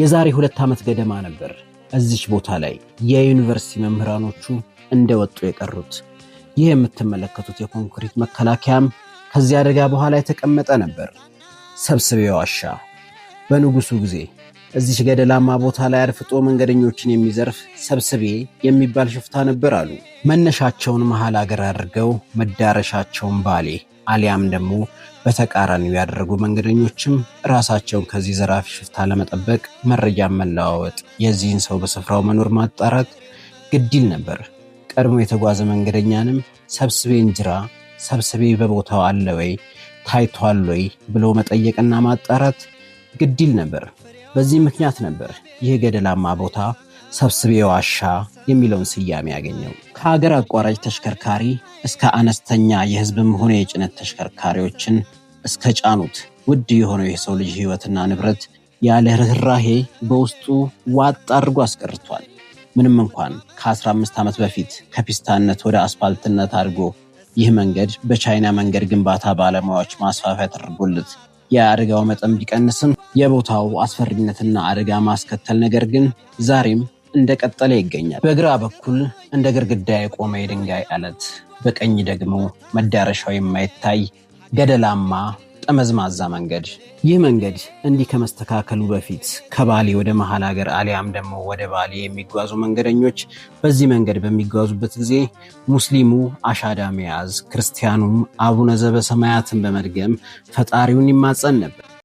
የዛሬ ሁለት ዓመት ገደማ ነበር እዚች ቦታ ላይ የዩኒቨርሲቲ መምህራኖቹ እንደወጡ የቀሩት። ይህ የምትመለከቱት የኮንክሪት መከላከያም ከዚህ አደጋ በኋላ የተቀመጠ ነበር። ሰብስቤ ዋሻ በንጉሱ ጊዜ እዚች ገደላማ ቦታ ላይ አድፍጦ መንገደኞችን የሚዘርፍ ሰብስቤ የሚባል ሽፍታ ነበር አሉ። መነሻቸውን መሃል አገር አድርገው መዳረሻቸውን ባሌ አሊያም ደግሞ በተቃራኒው ያደረጉ መንገደኞችም ራሳቸውን ከዚህ ዘራፊ ሽፍታ ለመጠበቅ መረጃ መለዋወጥ፣ የዚህን ሰው በስፍራው መኖር ማጣራት ግድል ነበር። ቀድሞ የተጓዘ መንገደኛንም ሰብስቤ እንጅራ ሰብስቤ በቦታው አለ ወይ ታይቷል ወይ ብሎ መጠየቅና ማጣራት ግድል ነበር። በዚህ ምክንያት ነበር ይህ ገደላማ ቦታ ሰብስቤ ዋሻ የሚለውን ስያሜ ያገኘው። ከሀገር አቋራጭ ተሽከርካሪ እስከ አነስተኛ የህዝብም ሆነ የጭነት ተሽከርካሪዎችን እስከ ጫኑት ውድ የሆነው የሰው ልጅ ህይወትና ንብረት ያለ ርኅራሄ በውስጡ ዋጥ አድርጎ አስቀርቷል። ምንም እንኳን ከ15 ዓመት በፊት ከፒስታነት ወደ አስፋልትነት አድርጎ ይህ መንገድ በቻይና መንገድ ግንባታ ባለሙያዎች ማስፋፊያ ተደርጎለት የአደጋው መጠን ቢቀንስም የቦታው አስፈሪነትና አደጋ ማስከተል ነገር ግን ዛሬም እንደቀጠለ ይገኛል። በግራ በኩል እንደ ግርግዳ የቆመ የድንጋይ አለት፣ በቀኝ ደግሞ መዳረሻው የማይታይ ገደላማ ጠመዝማዛ መንገድ። ይህ መንገድ እንዲህ ከመስተካከሉ በፊት ከባሌ ወደ መሀል ሀገር አሊያም ደግሞ ወደ ባሌ የሚጓዙ መንገደኞች በዚህ መንገድ በሚጓዙበት ጊዜ ሙስሊሙ አሻዳ መያዝ፣ ክርስቲያኑም አቡነ ዘበሰማያትን በመድገም ፈጣሪውን ይማጸን ነበር።